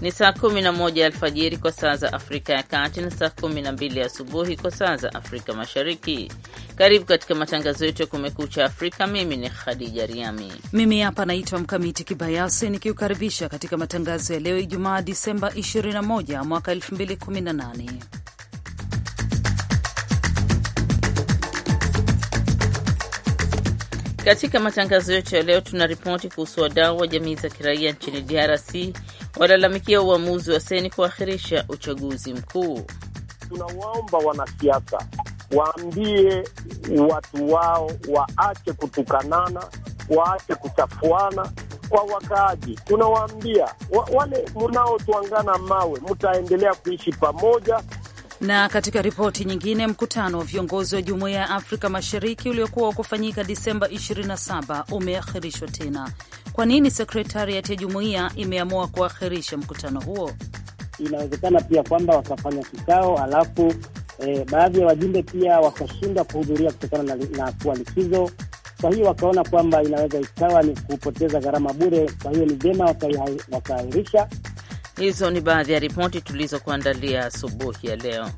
ni saa 11 alfajiri kwa saa za Afrika ya Kati na saa 12 asubuhi kwa saa za Afrika Mashariki. Karibu katika matangazo yetu ya Kumekucha Afrika. Mimi ni Khadija Riami, mimi hapa naitwa Mkamiti Kibayasi nikiukaribisha katika matangazo ya leo Ijumaa Disemba 21 mwaka 2018. Katika matangazo yetu ya leo, tuna ripoti kuhusu wadau wa jamii za kiraia nchini DRC walalamikia uamuzi wa seni kuahirisha uchaguzi mkuu. Tunawaomba wanasiasa waambie watu wao waache kutukanana, waache kuchafuana kwa wakaaji. Tunawaambia wale mnaotwangana mawe, mtaendelea kuishi pamoja na katika ripoti nyingine, mkutano wa viongozi wa jumuiya ya Afrika Mashariki uliokuwa kufanyika Disemba 27 umeahirishwa tena. Kwa nini sekretariat ya jumuiya imeamua kuahirisha mkutano huo? Inawezekana pia kwamba wakafanya kikao alafu e, baadhi ya wajumbe pia wakashindwa kuhudhuria kutokana na, na kuwa likizo. Kwa hiyo wakaona kwamba inaweza ikawa ni kupoteza gharama bure, kwa hiyo ni vyema wakaahirisha waka Hizo ni baadhi ya ripoti tulizokuandalia asubuhi ya leo.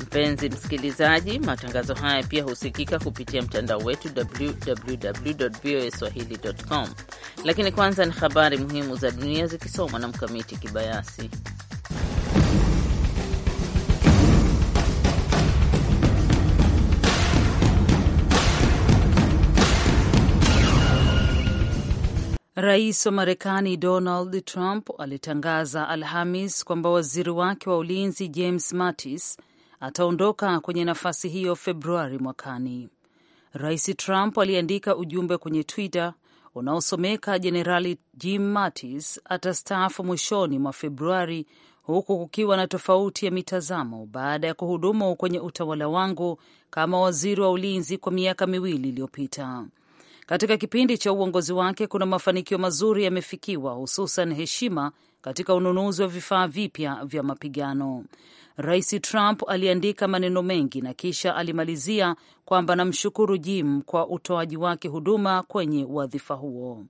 Mpenzi msikilizaji, matangazo haya pia husikika kupitia mtandao wetu www voa swahili.com. Lakini kwanza ni habari muhimu za dunia zikisomwa na Mkamiti Kibayasi. Rais wa Marekani Donald Trump alitangaza Alhamis kwamba waziri wake wa ulinzi James Mattis ataondoka kwenye nafasi hiyo Februari mwakani. Rais Trump aliandika ujumbe kwenye Twitter unaosomeka Jenerali Jim Mattis atastaafu mwishoni mwa Februari, huku kukiwa na tofauti ya mitazamo baada ya kuhudumu kwenye utawala wangu kama waziri wa ulinzi kwa miaka miwili iliyopita. Katika kipindi cha uongozi wake kuna mafanikio mazuri yamefikiwa, hususan heshima katika ununuzi wa vifaa vipya vya mapigano. Rais Trump aliandika maneno mengi na kisha alimalizia kwamba namshukuru Jim kwa utoaji wake huduma kwenye wadhifa huo.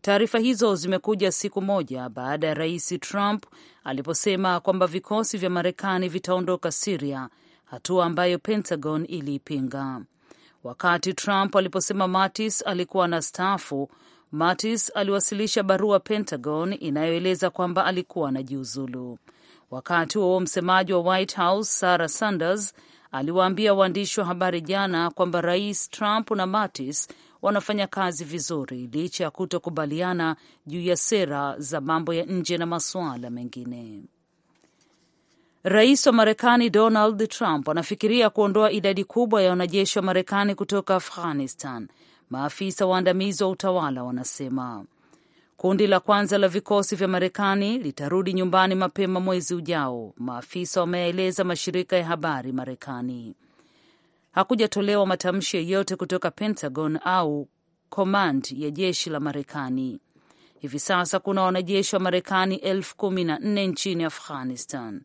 Taarifa hizo zimekuja siku moja baada ya rais Trump aliposema kwamba vikosi vya Marekani vitaondoka Siria, hatua ambayo Pentagon iliipinga. Wakati Trump aliposema Mattis alikuwa na staafu, Mattis aliwasilisha barua Pentagon inayoeleza kwamba alikuwa na jiuzulu Wakati huo msemaji wa White House Sarah Sanders aliwaambia waandishi wa habari jana kwamba rais Trump na Mattis wanafanya kazi vizuri licha ya kutokubaliana juu ya sera za mambo ya nje na masuala mengine. Rais wa Marekani Donald Trump anafikiria kuondoa idadi kubwa ya wanajeshi wa Marekani kutoka Afghanistan, maafisa waandamizi wa utawala wanasema. Kundi la kwanza la vikosi vya Marekani litarudi nyumbani mapema mwezi ujao, maafisa wameeleza mashirika ya habari Marekani. Hakujatolewa matamshi yoyote kutoka Pentagon au command ya jeshi la Marekani. Hivi sasa kuna wanajeshi wa Marekani elfu kumi na nne nchini Afghanistan.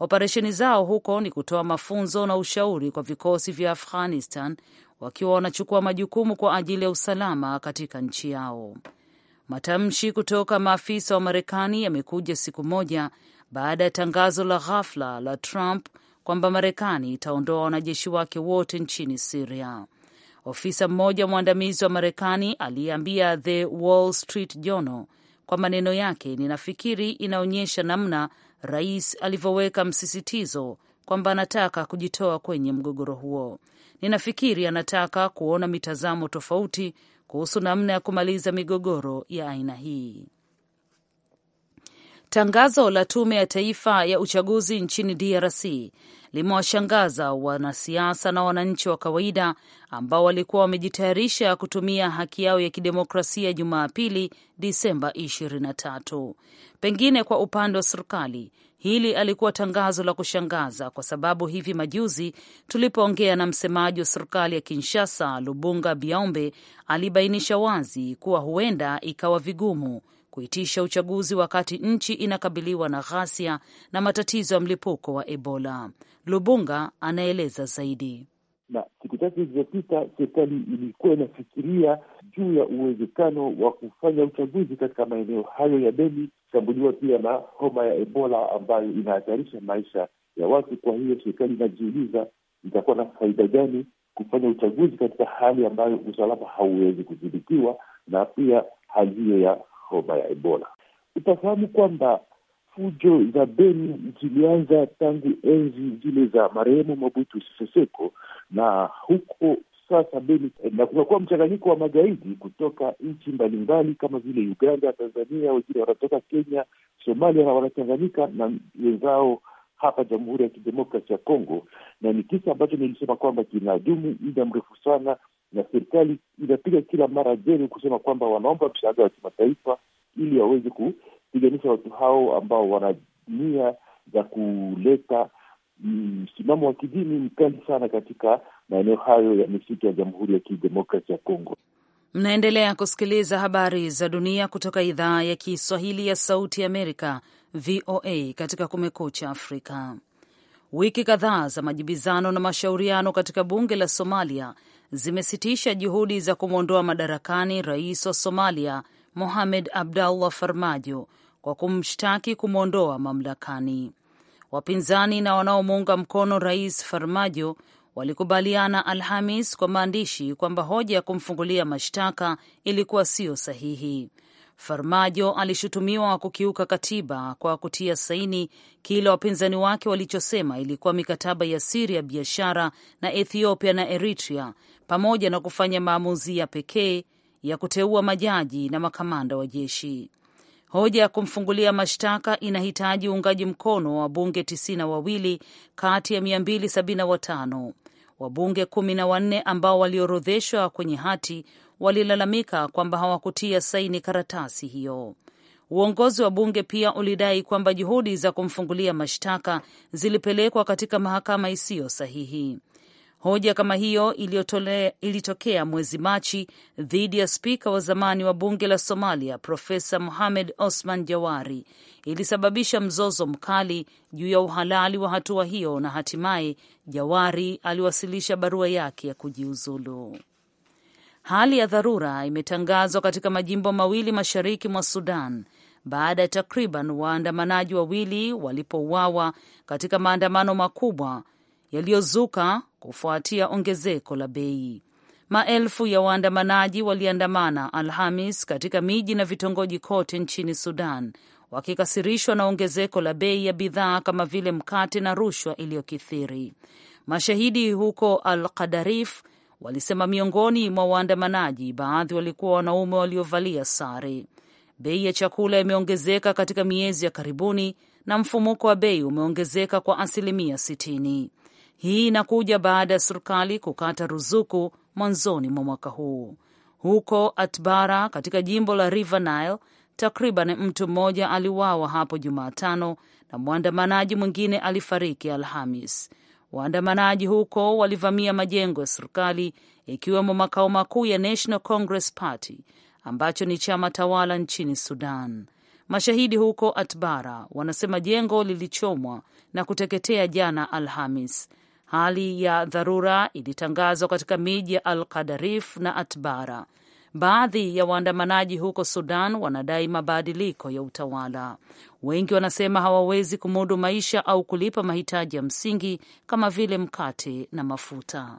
Operesheni zao huko ni kutoa mafunzo na ushauri kwa vikosi vya Afghanistan wakiwa wanachukua majukumu kwa ajili ya usalama katika nchi yao. Matamshi kutoka maafisa wa Marekani yamekuja siku moja baada ya tangazo la ghafla la Trump kwamba Marekani itaondoa wanajeshi wake wote nchini Siria. Ofisa mmoja mwandamizi wa Marekani aliyeambia The Wall Street Journal kwa maneno yake, ninafikiri inaonyesha namna rais alivyoweka msisitizo kwamba anataka kujitoa kwenye mgogoro huo. Ninafikiri anataka kuona mitazamo tofauti kuhusu namna ya kumaliza migogoro ya aina hii. Tangazo la tume ya taifa ya uchaguzi nchini DRC limewashangaza wanasiasa na wananchi wa kawaida ambao walikuwa wamejitayarisha kutumia haki yao ya kidemokrasia Jumapili, Disemba 23. Pengine kwa upande wa serikali hili alikuwa tangazo la kushangaza kwa sababu hivi majuzi tulipoongea na msemaji wa serikali ya Kinshasa, Lubunga Biaombe, alibainisha wazi kuwa huenda ikawa vigumu kuitisha uchaguzi wakati nchi inakabiliwa na ghasia na matatizo ya mlipuko wa Ebola. Lubunga anaeleza zaidi. Na siku chache zilizopita serikali ilikuwa inafikiria juu ya uwezekano wa kufanya uchaguzi katika maeneo hayo ya Beni, kushambuliwa pia na homa ya Ebola ambayo inahatarisha maisha ya watu. Kwa hiyo serikali inajiuliza itakuwa na faida gani kufanya uchaguzi katika hali ambayo usalama hauwezi kudhibitiwa, na pia hali hiyo ya homa ya Ebola. Utafahamu kwamba fujo za Beni zilianza tangu enzi zile za marehemu Mobutu Sese Seko, na huko sasa Beni eh, na kumekuwa mchanganyiko wa magaidi kutoka nchi mbalimbali kama vile Uganda, Tanzania, wengine wanatoka Kenya, Somalia na wanachanganyika na wenzao hapa Jamhuri ya Kidemokrasi ya Kongo, na ni kisa ambacho nilisema kwamba kinadumu muda mrefu sana, na serikali inapiga kila mara jeni kusema kwamba wanaomba msaada wa kimataifa ili waweze kupiganisha watu hao ambao wana nia za kuleta msimamo mm, wa kidini mkali sana katika maeneo hayo ya misitu ya Jamhuri ya Kidemokrasi ya Kongo. Mnaendelea kusikiliza habari za dunia kutoka idhaa ya Kiswahili ya Sauti Amerika, VOA, katika Kumekucha Afrika. Wiki kadhaa za majibizano na mashauriano katika bunge la Somalia zimesitisha juhudi za kumwondoa madarakani rais wa Somalia Mohamed Abdallah Farmajo kwa kumshtaki kumwondoa mamlakani. Wapinzani na wanaomuunga mkono rais Farmajo walikubaliana Alhamis kwa maandishi kwamba hoja ya kumfungulia mashtaka ilikuwa siyo sahihi. Farmajo alishutumiwa kukiuka katiba kwa kutia saini kile wapinzani wake walichosema ilikuwa mikataba ya siri ya biashara na Ethiopia na Eritrea, pamoja na kufanya maamuzi ya pekee ya kuteua majaji na makamanda wa jeshi. Hoja ya kumfungulia mashtaka inahitaji uungaji mkono wa wabunge tisini na wawili kati ya 275 wabunge kumi na wanne ambao waliorodheshwa kwenye hati walilalamika kwamba hawakutia saini karatasi hiyo. Uongozi wa bunge pia ulidai kwamba juhudi za kumfungulia mashtaka zilipelekwa katika mahakama isiyo sahihi. Hoja kama hiyo iliotole, ilitokea mwezi Machi dhidi ya spika wa zamani wa bunge la Somalia Profesa Mohamed Osman Jawari, ilisababisha mzozo mkali juu ya uhalali wa hatua hiyo, na hatimaye Jawari aliwasilisha barua yake ya kujiuzulu. Hali ya dharura imetangazwa katika majimbo mawili mashariki mwa Sudan baada ya takriban waandamanaji wawili walipouawa katika maandamano makubwa yaliyozuka kufuatia ongezeko la bei. Maelfu ya waandamanaji waliandamana Alhamis katika miji na vitongoji kote nchini Sudan wakikasirishwa na ongezeko la bei ya bidhaa kama vile mkate na rushwa iliyokithiri. Mashahidi huko Al Qadarif walisema miongoni mwa waandamanaji baadhi walikuwa wanaume waliovalia sare. Bei ya chakula imeongezeka katika miezi ya karibuni na mfumuko wa bei umeongezeka kwa asilimia 60 Hii inakuja baada ya serikali kukata ruzuku mwanzoni mwa mwaka huu. Huko Atbara katika jimbo la River Nile, takriban mtu mmoja aliwawa hapo Jumatano na mwandamanaji mwingine alifariki Alhamis. Waandamanaji huko walivamia majengo ya serikali ikiwemo makao makuu ya National Congress Party ambacho ni chama tawala nchini Sudan. Mashahidi huko Atbara wanasema jengo lilichomwa na kuteketea jana Alhamis. Hali ya dharura ilitangazwa katika miji ya Al Qadarif na Atbara Baadhi ya waandamanaji huko Sudan wanadai mabadiliko ya utawala. Wengi wanasema hawawezi kumudu maisha au kulipa mahitaji ya msingi kama vile mkate na mafuta.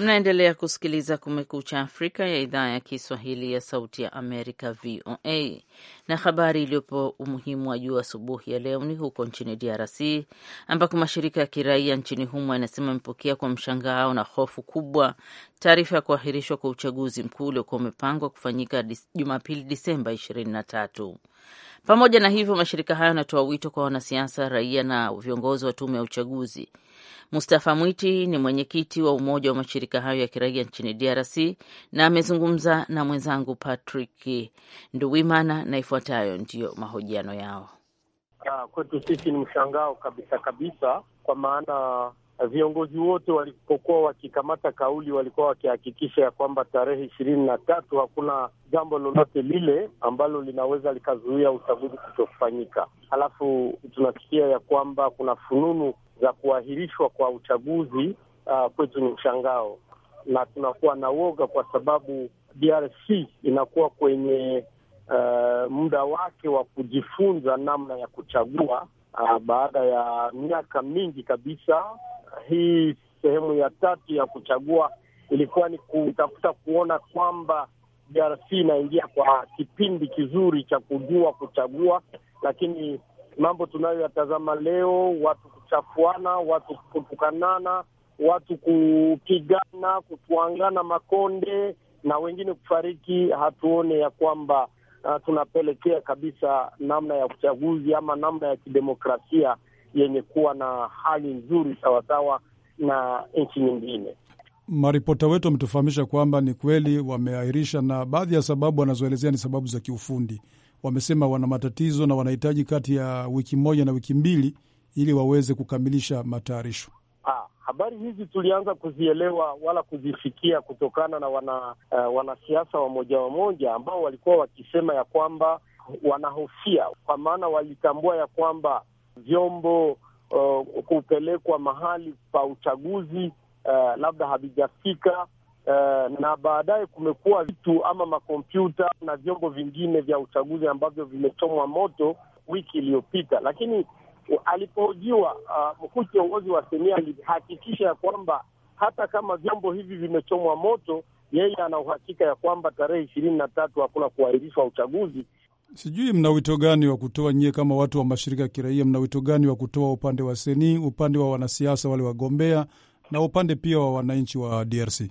Mnaendelea kusikiliza Kumekucha Afrika ya idhaa ya Kiswahili ya Sauti ya Amerika, VOA. Na habari iliyopo umuhimu wa juu asubuhi ya leo ni huko nchini DRC ambako mashirika ya kiraia nchini humo yanasema amepokea kwa mshangao na hofu kubwa taarifa ya kuahirishwa kwa uchaguzi mkuu uliokuwa umepangwa kufanyika Jumapili, Disemba 23. Pamoja na hivyo, mashirika hayo yanatoa wito kwa wanasiasa, raia na viongozi wa tume ya uchaguzi. Mustafa Mwiti ni mwenyekiti wa umoja wa mashirika hayo ya kiraia nchini DRC na amezungumza na mwenzangu Patrick Nduwimana na ifuatayo ndiyo mahojiano yao. Ah, kwetu sisi ni mshangao kabisa kabisa, kwa maana viongozi wote walipokuwa wakikamata kauli walikuwa wakihakikisha ya kwamba tarehe ishirini na tatu hakuna jambo lolote lile ambalo linaweza likazuia uchaguzi kutofanyika. Halafu tunasikia ya kwamba kuna fununu za kuahirishwa kwa uchaguzi. Uh, kwetu ni mshangao na tunakuwa na woga kwa sababu DRC inakuwa kwenye uh, muda wake wa kujifunza namna ya kuchagua uh, baada ya miaka mingi kabisa hii sehemu ya tatu ya kuchagua ilikuwa ni kutafuta kuona kwamba DRC inaingia kwa kipindi kizuri cha kujua kuchagua, lakini mambo tunayoyatazama leo, watu kuchafuana, watu kutukanana, watu kupigana, kutuangana makonde na wengine kufariki, hatuone ya kwamba uh, tunapelekea kabisa namna ya uchaguzi ama namna ya kidemokrasia yenye kuwa na hali nzuri sawasawa na nchi nyingine. Maripota wetu wametufahamisha kwamba ni kweli wameahirisha, na baadhi ya sababu wanazoelezea ni sababu za kiufundi. Wamesema wana matatizo na wanahitaji kati ya wiki moja na wiki mbili ili waweze kukamilisha matayarisho. Ah, habari hizi tulianza kuzielewa wala kuzifikia kutokana na wana uh, wanasiasa wamoja wamoja ambao walikuwa wakisema ya kwamba wanahofia, kwa maana walitambua ya kwamba vyombo uh, kupelekwa mahali pa uchaguzi uh, labda havijafika uh, na baadaye kumekuwa vitu ama makompyuta na vyombo vingine vya uchaguzi ambavyo vimechomwa moto wiki iliyopita, lakini alipohojiwa uh, mkuu kiongozi wa Senia alihakikisha ya kwamba hata kama vyombo hivi vimechomwa moto, yeye ana uhakika ya kwamba tarehe ishirini na tatu hakuna kuahirishwa uchaguzi, Sijui mna wito gani wa kutoa nyie, kama watu wa mashirika ya kiraia, mna wito gani wa kutoa upande wa seni, upande wa wanasiasa wale wagombea, na upande pia wa wananchi wa DRC?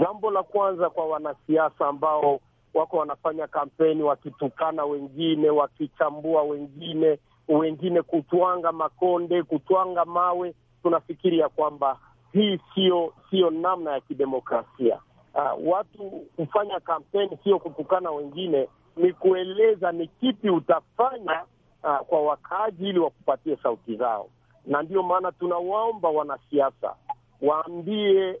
Jambo la kwanza kwa wanasiasa ambao wako wanafanya kampeni wakitukana wengine, wakichambua wengine, wengine kutwanga makonde, kutwanga mawe, tunafikiri ya kwamba hii sio sio namna ya kidemokrasia. Uh, watu kufanya kampeni sio kutukana wengine ni kueleza ni kipi utafanya uh, kwa wakaaji ili wakupatie sauti zao, na ndiyo maana tunawaomba wanasiasa waambie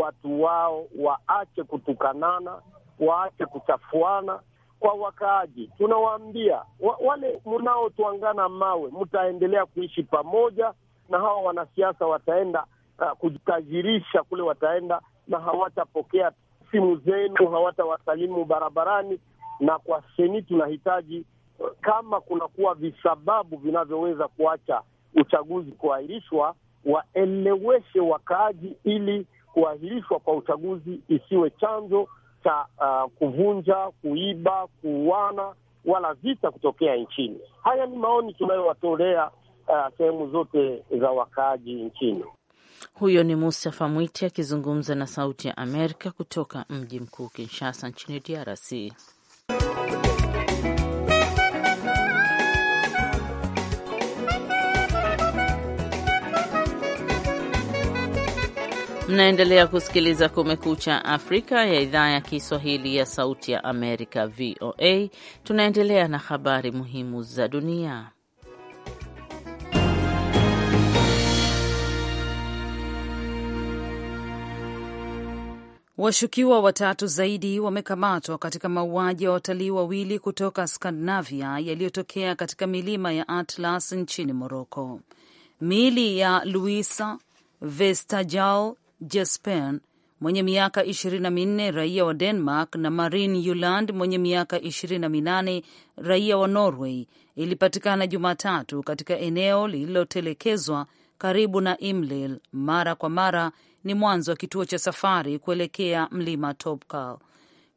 watu wao waache kutukanana, waache kuchafuana. Kwa wakaaji tunawaambia wa, wale mnaotwangana mawe, mtaendelea kuishi pamoja na hawa wanasiasa wataenda uh, kujitajirisha kule, wataenda na hawatapokea simu zenu, hawatawasalimu barabarani, na kwa seni tunahitaji eh, kama kunakuwa visababu vinavyoweza kuacha uchaguzi kuahirishwa, waeleweshe wakaaji, ili kuahirishwa kwa uchaguzi isiwe chanzo cha uh, kuvunja, kuiba, kuuana wala vita kutokea nchini. Haya ni maoni tunayowatolea uh, sehemu zote za wakaaji nchini. Huyo ni Mustafa Mwiti akizungumza na Sauti ya Amerika kutoka mji mkuu Kinshasa nchini DRC. Mnaendelea kusikiliza Kumekucha Afrika ya idhaa ya Kiswahili ya Sauti ya Amerika, VOA. Tunaendelea na habari muhimu za dunia. Washukiwa watatu zaidi wamekamatwa katika mauaji ya watalii wawili kutoka Skandinavia yaliyotokea katika milima ya Atlas nchini Moroko. Miili ya Luisa Vestajal Jesper mwenye miaka 24 raia wa Denmark na Marin Yuland mwenye miaka 28 raia wa Norway ilipatikana Jumatatu katika eneo lililotelekezwa karibu na Imlil mara kwa mara ni mwanzo wa kituo cha safari kuelekea mlima Topkal,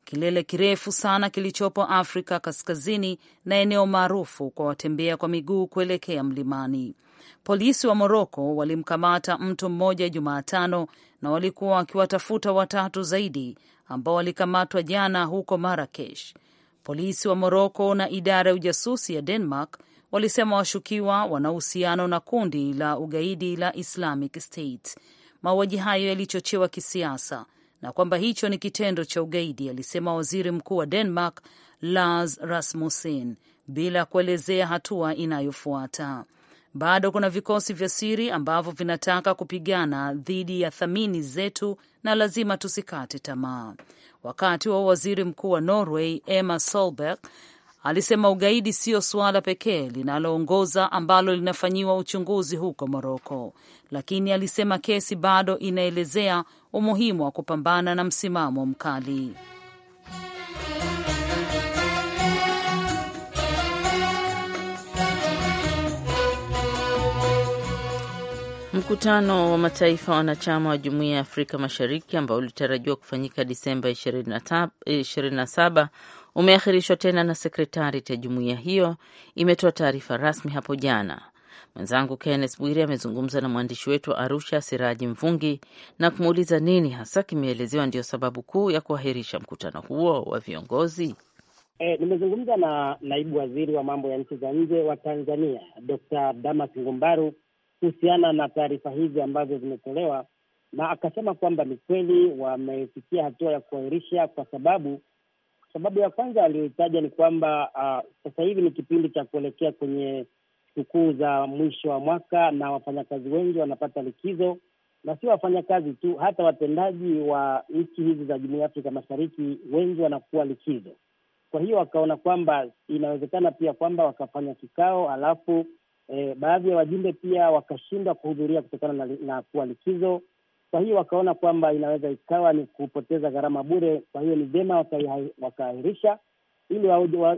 kilele kirefu sana kilichopo Afrika Kaskazini na eneo maarufu kwa watembea kwa miguu kuelekea mlimani. Polisi wa Moroko walimkamata mtu mmoja Jumatano na walikuwa wakiwatafuta watatu zaidi ambao walikamatwa jana huko Marakesh. Polisi wa Moroko na idara ya ujasusi ya Denmark walisema washukiwa wana uhusiano na kundi la ugaidi la Islamic State mauaji hayo yalichochewa kisiasa na kwamba hicho ni kitendo cha ugaidi, alisema waziri mkuu wa Denmark Lars Rasmussen bila kuelezea hatua inayofuata. Bado kuna vikosi vya siri ambavyo vinataka kupigana dhidi ya thamini zetu na lazima tusikate tamaa. Wakati wa waziri mkuu wa Norway emma Solberg alisema ugaidi siyo suala pekee linaloongoza ambalo linafanyiwa uchunguzi huko Moroko, lakini alisema kesi bado inaelezea umuhimu wa kupambana na msimamo mkali. Mkutano wa mataifa wanachama wa jumuiya ya Afrika Mashariki ambao ulitarajiwa kufanyika Disemba 27 umeahirishwa tena na sekretariat ya jumuiya hiyo imetoa taarifa rasmi hapo jana. Mwenzangu Kenneth bwiri amezungumza na mwandishi wetu wa Arusha, Siraji Mvungi, na kumuuliza nini hasa kimeelezewa ndiyo sababu kuu ya kuahirisha mkutano huo wa viongozi. E, nimezungumza na naibu waziri wa mambo ya nchi za nje wa Tanzania Dr. Damas Ngumbaru kuhusiana na taarifa hizi ambazo zimetolewa, na akasema kwamba ni kweli wamefikia hatua ya kuahirisha kwa sababu Sababu ya kwanza aliyotaja ni kwamba uh, sasa hivi ni kipindi cha kuelekea kwenye sikukuu za mwisho wa mwaka na wafanyakazi wengi wanapata likizo, na sio wafanyakazi tu, hata watendaji wa nchi hizi za Jumuiya ya Afrika Mashariki wengi wanakuwa likizo. Kwa hiyo wakaona kwamba inawezekana pia kwamba wakafanya kikao alafu eh, baadhi ya wajumbe pia wakashindwa kuhudhuria kutokana na, na kuwa likizo kwa hiyo wakaona kwamba inaweza ikawa ni kupoteza gharama bure, kwa hiyo ni vyema wakaahirisha ili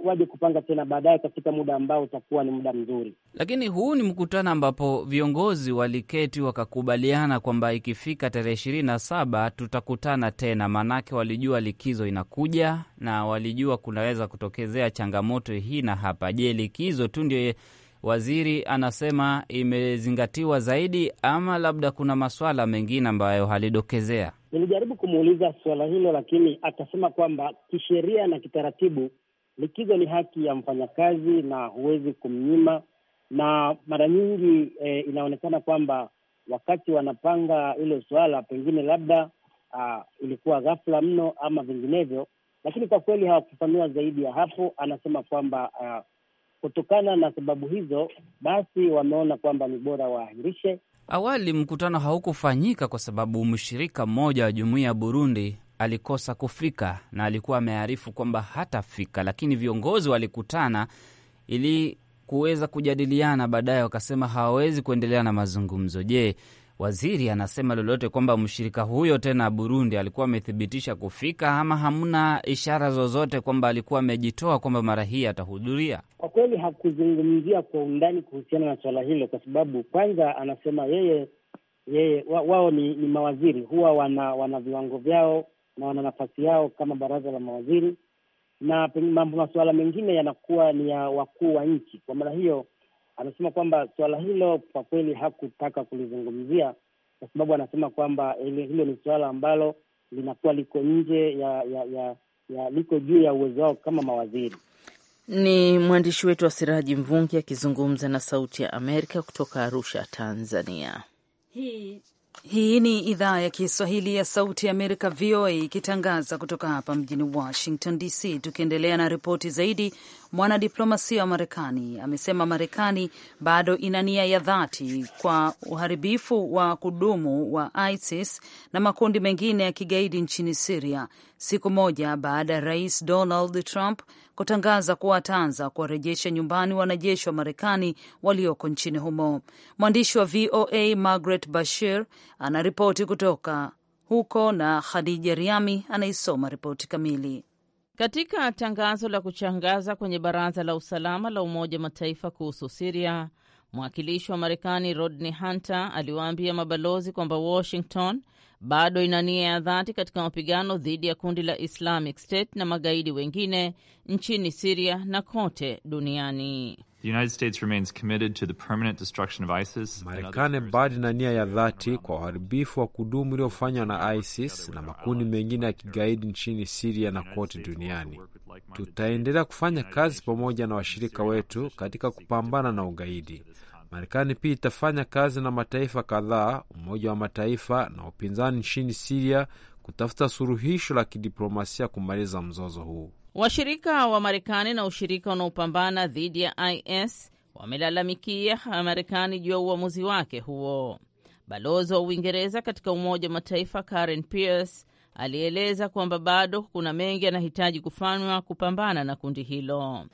waje kupanga tena baadaye katika muda ambao utakuwa ni muda mzuri. Lakini huu ni mkutano ambapo viongozi waliketi wakakubaliana kwamba ikifika tarehe ishirini na saba tutakutana tena, maanake walijua likizo inakuja na walijua kunaweza kutokezea changamoto hii na hapa. Je, likizo tu ndio Waziri anasema imezingatiwa zaidi, ama labda kuna maswala mengine ambayo halidokezea. Nilijaribu kumuuliza suala hilo, lakini akasema kwamba kisheria na kitaratibu likizo ni haki ya mfanyakazi na huwezi kumnyima, na mara nyingi e, inaonekana kwamba wakati wanapanga hilo suala pengine labda a, ah, ilikuwa ghafla mno ama vinginevyo, lakini kwa kweli hawakufanua zaidi ya hapo. Anasema kwamba ah, Kutokana na sababu hizo, basi wameona kwamba ni bora waahirishe. Awali mkutano haukufanyika kwa sababu mshirika mmoja wa jumuiya ya Burundi alikosa kufika na alikuwa amearifu kwamba hatafika, lakini viongozi walikutana ili kuweza kujadiliana, baadaye wakasema hawawezi kuendelea na mazungumzo. Je, Waziri anasema lolote kwamba mshirika huyo tena Burundi alikuwa amethibitisha kufika ama hamna ishara zozote kwamba alikuwa amejitoa kwamba mara hii atahudhuria? Kwa kweli hakuzungumzia kwa undani kuhusiana na swala hilo, kwa sababu kwanza anasema yeye yeye wa, wao ni, ni mawaziri huwa wana wana viwango vyao na wana nafasi yao kama baraza la mawaziri, na mambo masuala mengine yanakuwa ni ya wakuu wa nchi. Kwa maana hiyo anasema kwamba suala hilo kwa kweli hakutaka kulizungumzia kwa sababu anasema kwamba hilo ni suala ambalo linakuwa liko nje ya, ya, ya, ya liko juu ya uwezo wao kama mawaziri. Ni mwandishi wetu wa Siraji Mvungi akizungumza na Sauti ya Amerika kutoka Arusha, Tanzania. Hii hii ni idhaa ya Kiswahili ya Sauti ya Amerika, VOA, ikitangaza kutoka hapa mjini Washington DC. Tukiendelea na ripoti zaidi, Mwanadiplomasia wa Marekani amesema Marekani bado ina nia ya dhati kwa uharibifu wa kudumu wa ISIS na makundi mengine ya kigaidi nchini Siria, siku moja baada ya Rais Donald Trump kutangaza kuwa ataanza kuwarejesha nyumbani wanajeshi wa Marekani walioko nchini humo. Mwandishi wa VOA Margaret Bashir anaripoti kutoka huko na Khadija Riami anaisoma ripoti kamili. Katika tangazo la kuchangaza kwenye Baraza la Usalama la Umoja wa Mataifa kuhusu Siria, mwakilishi wa Marekani Rodney Hunter aliwaambia mabalozi kwamba Washington bado ina nia ya dhati katika mapigano dhidi ya kundi la Islamic State na magaidi wengine nchini Siria na kote duniani. Marekani mbali na nia ya dhati kwa uharibifu wa kudumu uliofanywa na ISIS na makundi mengine ya kigaidi nchini Siria na kote duniani. Tutaendelea kufanya kazi pamoja na washirika wetu katika kupambana na ugaidi. Marekani pia itafanya kazi na mataifa kadhaa, Umoja wa Mataifa na upinzani nchini Siria kutafuta suluhisho la kidiplomasia kumaliza mzozo huu. Washirika wa Marekani na ushirika unaopambana dhidi ya IS wamelalamikia Marekani juu ya uamuzi wake huo. Balozi wa Uingereza katika Umoja wa Mataifa Karen Pierce alieleza kwamba bado kuna mengi yanahitaji kufanywa kupambana na kundi hilo.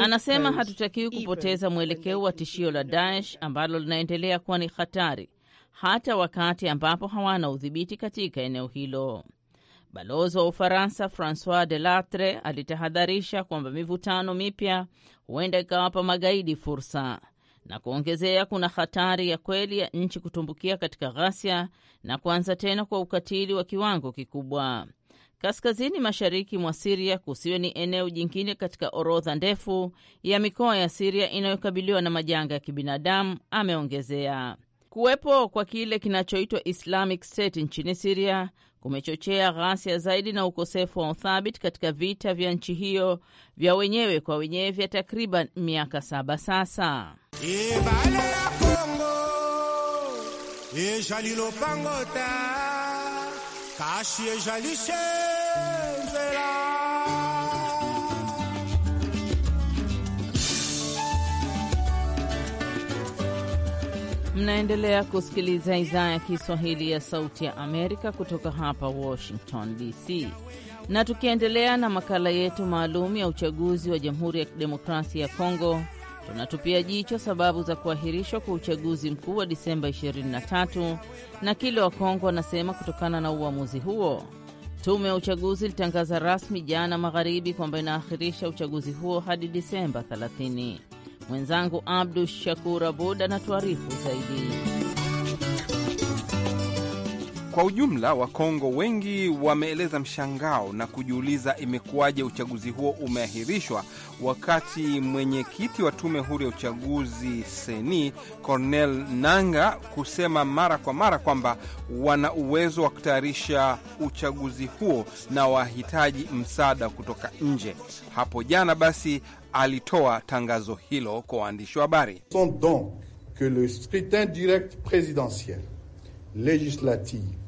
Anasema hatutakiwi kupoteza mwelekeo wa tishio la Daesh ambalo linaendelea kuwa ni hatari hata wakati ambapo hawana udhibiti katika eneo hilo. Balozi wa Ufaransa Francois de Latre alitahadharisha kwamba mivutano mipya huenda ikawapa magaidi fursa na kuongezea, kuna hatari ya kweli ya nchi kutumbukia katika ghasia na kuanza tena kwa ukatili wa kiwango kikubwa. Kaskazini mashariki mwa Siria kusiwe ni eneo jingine katika orodha ndefu ya mikoa ya Siria inayokabiliwa na majanga ya kibinadamu, ameongezea. Kuwepo kwa kile kinachoitwa Islamic State nchini Siria kumechochea ghasia zaidi na ukosefu wa uthabiti katika vita vya nchi hiyo vya wenyewe kwa wenyewe vya takriban miaka saba sasa. Mnaendelea kusikiliza idhaa ya Kiswahili ya Sauti ya Amerika kutoka hapa Washington DC, na tukiendelea na makala yetu maalum ya uchaguzi wa Jamhuri ya Kidemokrasia ya Kongo, tunatupia jicho sababu za kuahirishwa kwa uchaguzi mkuu wa Disemba 23 na kile Wakongo wanasema kutokana na uamuzi huo. Tume ya uchaguzi ilitangaza rasmi jana magharibi kwamba inaahirisha uchaguzi huo hadi Disemba 30. Mwenzangu Abdu Shakur Abud anatuarifu zaidi. Kwa ujumla, Wakongo wengi wameeleza mshangao na kujiuliza imekuwaje uchaguzi huo umeahirishwa, wakati mwenyekiti wa tume huru ya uchaguzi Seni Cornel Nanga kusema mara kwa mara kwamba wana uwezo wa kutayarisha uchaguzi huo na wahitaji msaada kutoka nje. Hapo jana basi alitoa tangazo hilo kwa waandishi wa habari son don que le scrutin direct presidentiel legislative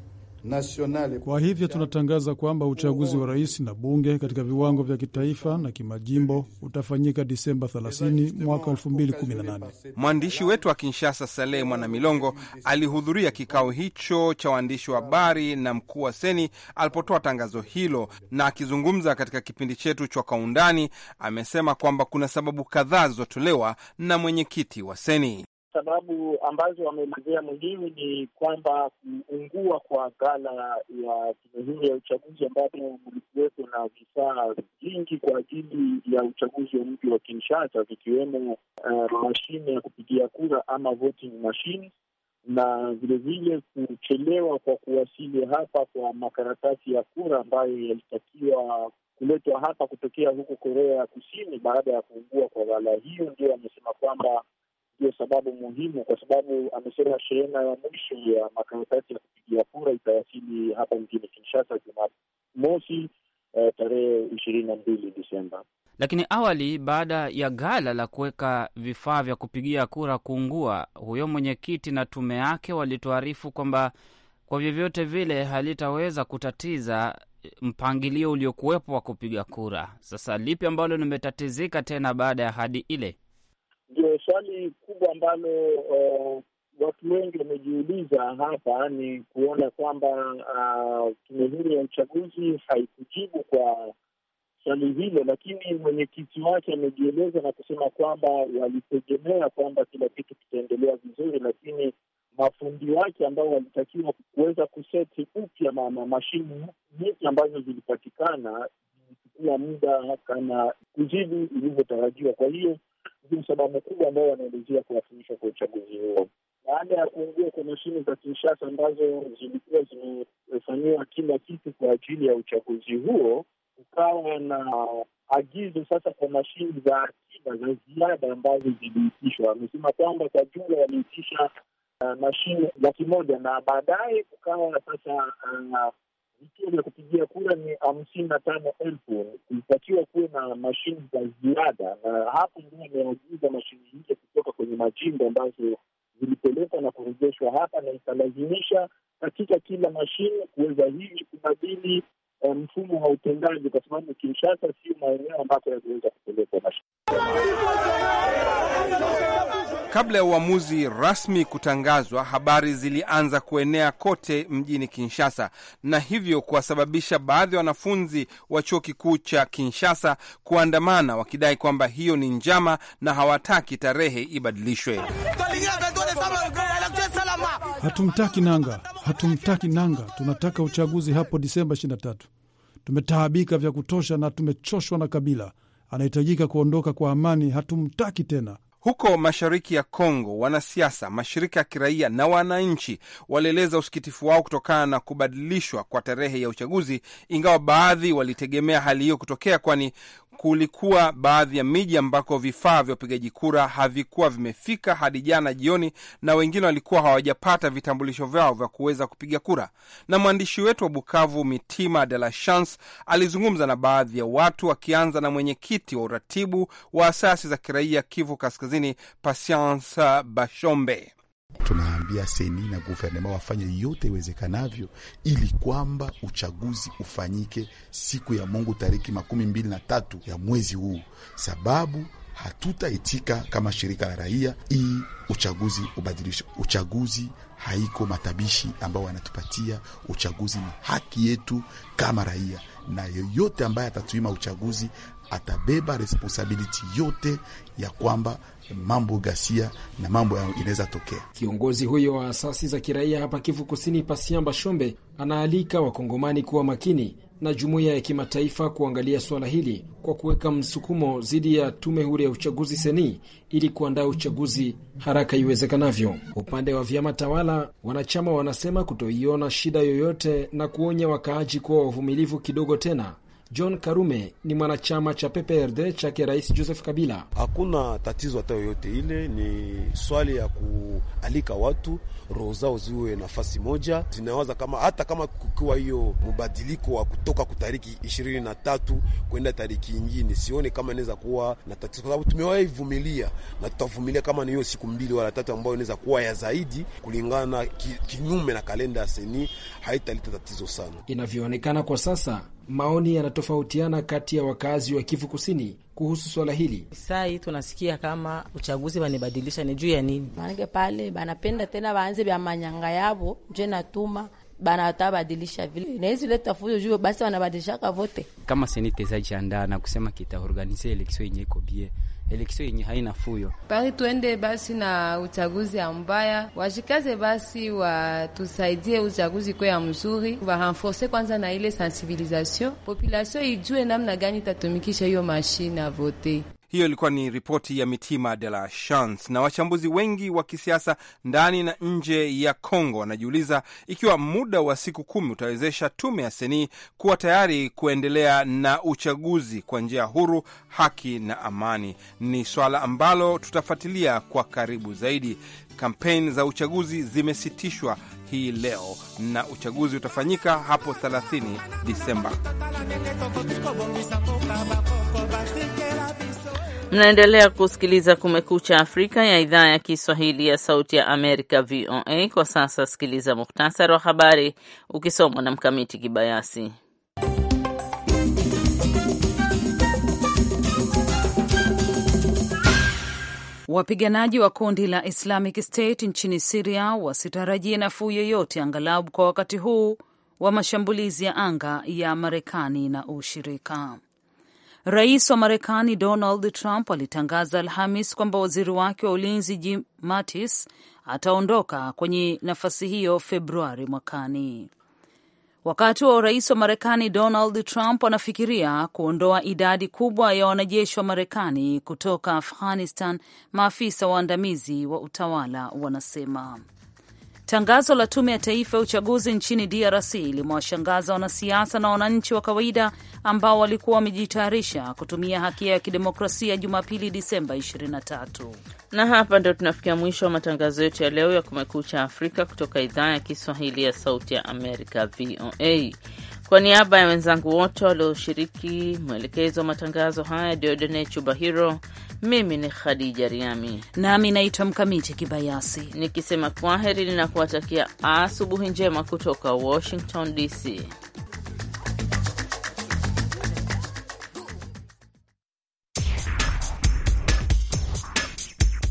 nationale. Kwa hivyo tunatangaza kwamba uchaguzi wa rais na bunge katika viwango vya kitaifa na kimajimbo utafanyika Disemba 30 mwaka 2018. Mwandishi wetu wa Kinshasa, Saleh Mwana Milongo, alihudhuria kikao hicho cha waandishi wa habari na mkuu wa Seni alipotoa tangazo hilo, na akizungumza katika kipindi chetu cha Kwa Undani amesema kwamba kuna sababu kadhaa zilizotolewa na mwenyekiti wa Seni sababu ambazo wameelezea mwenyewe ni kwamba kuungua kwa ghala ya tume hiyo ya uchaguzi, ambapo kulikuwepo na vifaa vingi kwa ajili ya uchaguzi wa mji wa Kinshasa, vikiwemo uh, mashine ya kupigia kura ama voting machine, na vilevile kuchelewa kwa kuwasili hapa kwa makaratasi ya kura ambayo yalitakiwa kuletwa hapa kutokea huko Korea ya Kusini baada ya kuungua kwa ghala hiyo, ndio amesema kwamba ndio sababu muhimu, kwa sababu amesema shehena ya mwisho ya makaratasi ya kupigia kura itawasili hapa mjini Kinshasa Jumamosi eh, tarehe ishirini na mbili Disemba. Lakini awali, baada ya ghala la kuweka vifaa vya kupigia kura kuungua, huyo mwenyekiti na tume yake walituarifu kwamba kwa vyovyote vile halitaweza kutatiza eh, mpangilio uliokuwepo wa kupiga kura. Sasa lipi ambalo limetatizika tena baada ya hadi ile? Ndio swali kubwa ambalo uh, watu wengi wamejiuliza hapa ni kuona kwamba uh, tume huru ya uchaguzi haikujibu kwa swali hilo, lakini mwenyekiti wake amejieleza na kusema kwamba walitegemea kwamba kila kitu kitaendelea vizuri, lakini mafundi wake ambao walitakiwa kuweza kuseti upya mama mashini nyingi ambazo zilipatikana zilichukua muda kama kuzidi ilivyotarajiwa. Kwa hiyo ndio sababu kubwa ambayo wanaelezea kuwasilishwa kwa uchaguzi huo. Baada ya kuungua kwa mashine za Kinshasa ambazo zilikuwa zimefanyiwa kila kitu kwa ajili ya uchaguzi huo, kukawa na agizo sasa kwa mashine za akiba za ziada ambazo ziliitishwa. Amesema kwamba kwa jumla waliitisha uh, mashine laki moja na baadaye kukawa sasa uh, vituo vya kupigia kura ni hamsini na tano elfu ilitakiwa kuwe na mashini za ziada, na hapo ndio ameagiza mashini hizo kutoka kwenye majimbo ambazo zilipelekwa na kurejeshwa hapa, na ikalazimisha katika kila mashine kuweza hivi kubadili eh, mfumo wa utendaji, kwa sababu Kinshasa sio maeneo ambako yaliweza kupelekwa mashini. Kabla ya uamuzi rasmi kutangazwa, habari zilianza kuenea kote mjini Kinshasa na hivyo kuwasababisha baadhi ya wanafunzi wa chuo kikuu cha Kinshasa kuandamana wakidai kwamba hiyo ni njama na hawataki tarehe ibadilishwe. Hatumtaki nanga, hatumtaki nanga, tunataka uchaguzi hapo Disemba 23. Tumetaabika vya kutosha na tumechoshwa na Kabila, anahitajika kuondoka kwa amani, hatumtaki tena. Huko mashariki ya Kongo, wanasiasa, mashirika ya kiraia na wananchi walieleza usikitifu wao kutokana na kubadilishwa kwa tarehe ya uchaguzi, ingawa baadhi walitegemea hali hiyo kutokea, kwani kulikuwa baadhi ya miji ambako vifaa vya upigaji kura havikuwa vimefika hadi jana jioni, na wengine walikuwa hawajapata vitambulisho vyao vya kuweza kupiga kura. Na mwandishi wetu wa Bukavu, Mitima De La Chance, alizungumza na baadhi ya watu, akianza na mwenyekiti wa uratibu wa asasi za kiraia Kivu Kaskazini, Patience Bashombe. Tunaambia seni na guvernema wafanye yote iwezekanavyo ili kwamba uchaguzi ufanyike siku ya Mungu tariki makumi mbili na tatu ya mwezi huu, sababu hatutaitika kama shirika la raia ii uchaguzi ubadilishwe. Uchaguzi haiko matabishi ambao wanatupatia uchaguzi, ni haki yetu kama raia, na yoyote ambaye atatuima uchaguzi atabeba responsabiliti yote ya kwamba mambo ghasia na mambo inaweza tokea. Kiongozi huyo wa asasi za kiraia hapa Kivu Kusini, Pasiamba Shombe, anaalika wakongomani kuwa makini na jumuiya ya kimataifa kuangalia suala hili kwa kuweka msukumo dhidi ya tume huru ya uchaguzi seni ili kuandaa uchaguzi haraka iwezekanavyo. Upande wa vyama tawala, wanachama wanasema kutoiona shida yoyote na kuonya wakaaji kuwa wavumilivu kidogo tena John Karume ni mwanachama cha PPRD chake Rais Joseph Kabila. Hakuna tatizo hata yoyote ile, ni swali ya kualika watu roho zao ziwe nafasi moja, zinawaza kama hata kama kukiwa hiyo mubadiliko wa kutoka kutariki ishirini na tatu kwenda tariki ingine, sione kama inaweza kuwa na tatizo, kwa sababu tumewaivumilia na tutavumilia kama ni hiyo siku mbili wala tatu, ambayo inaweza kuwa ya zaidi kulingana kinyume na kalenda ya seni, haitaleta tatizo sana inavyoonekana kwa sasa. Maoni yanatofautiana kati ya wakazi wa Kivu Kusini kuhusu swala hili. Saa hii tunasikia kama uchaguzi wanibadilisha ni juu ya nini? Maanake pale banapenda tena baanze vya manyanga yavo nje natuma banatabadilisha vile naizileta fujo juu basi wanabadilishaka vote kama senitezajiandaa na kusema kitaorganize eleksion yenye iko bie elekisio yenye haina fuyo pari. Tuende basi na uchaguzi ya mbaya washikaze basi watusaidie uchaguzi kwe ya mzuri, warenforce kwanza na ile sensibilisation population ijue namna gani tatumikisha hiyo mashine avote hiyo ilikuwa ni ripoti ya Mitima de la Chance. Na wachambuzi wengi wa kisiasa ndani na nje ya Kongo wanajiuliza ikiwa muda wa siku kumi utawezesha tume ya seni kuwa tayari kuendelea na uchaguzi kwa njia huru, haki na amani. Ni swala ambalo tutafuatilia kwa karibu zaidi. Kampeni za uchaguzi zimesitishwa hii leo na uchaguzi utafanyika hapo 30 Disemba. Mnaendelea kusikiliza Kumekucha Afrika ya idhaa ya Kiswahili ya Sauti ya Amerika, VOA. Kwa sasa sikiliza muhtasari wa habari ukisomwa na Mkamiti Kibayasi. Wapiganaji wa kundi la Islamic State nchini Siria wasitarajie nafuu yoyote, angalau kwa wakati huu wa mashambulizi ya anga ya Marekani na ushirika Rais wa Marekani Donald Trump alitangaza Alhamis kwamba waziri wake wa ulinzi Jim Mattis ataondoka kwenye nafasi hiyo Februari mwakani. Wakati wa rais wa Marekani, Donald Trump anafikiria kuondoa idadi kubwa ya wanajeshi wa Marekani kutoka Afghanistan, maafisa waandamizi wa utawala wanasema. Tangazo la tume ya taifa ya uchaguzi nchini DRC limewashangaza wanasiasa na wananchi wa kawaida ambao walikuwa wamejitayarisha kutumia haki ya kidemokrasia Jumapili, Disemba 23. Na hapa ndio tunafikia mwisho wa matangazo yetu ya leo ya Kumekucha Afrika kutoka idhaa ya Kiswahili ya Sauti ya Amerika, VOA. Kwa niaba ya wenzangu wote walioshiriki mwelekezo wa matangazo haya, Diodone Chubahiro mimi ni Khadija Riami nami naitwa Mkamiti Kibayasi, nikisema kwaheri, ninakuwatakia asubuhi njema kutoka Washington DC.